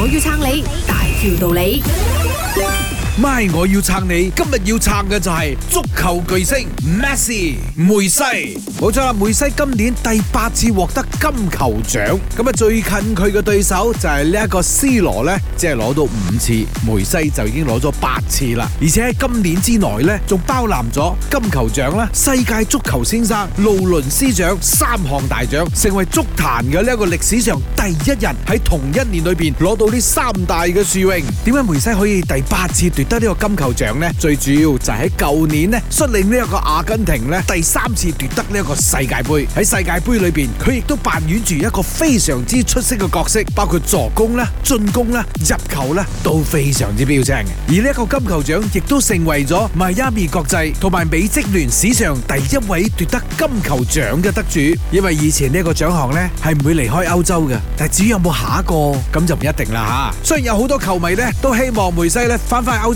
我要撐你，大條道理。MY，我要撐你，今日要撐嘅就係足球巨星 Messi 梅西。冇錯啦，梅西今年第八次獲得金球獎，咁啊最近佢嘅對手就係呢一個 C 羅呢，即係攞到五次，梅西就已經攞咗八次啦。而且喺今年之內呢，仲包攬咗金球獎啦、世界足球先生、勞倫斯獎三項大獎，成為足壇嘅呢個歷史上第一人喺同一年裏邊攞到呢三大嘅殊榮。點解梅西可以第八次奪？得呢個金球獎咧，最主要就係喺舊年咧率領呢一個阿根廷咧第三次奪得呢一個世界杯。喺世界杯裏邊，佢亦都扮演住一個非常之出色嘅角色，包括助攻啦、進攻啦、入球啦都非常之標青嘅。而呢一個金球獎亦都成為咗邁亞米國際同埋美職聯史上第一位奪得金球獎嘅得主，因為以前呢一個獎項咧係唔會離開歐洲嘅。但至於有冇下一個咁就唔一定啦吓。雖然有好多球迷咧都希望梅西咧翻返歐。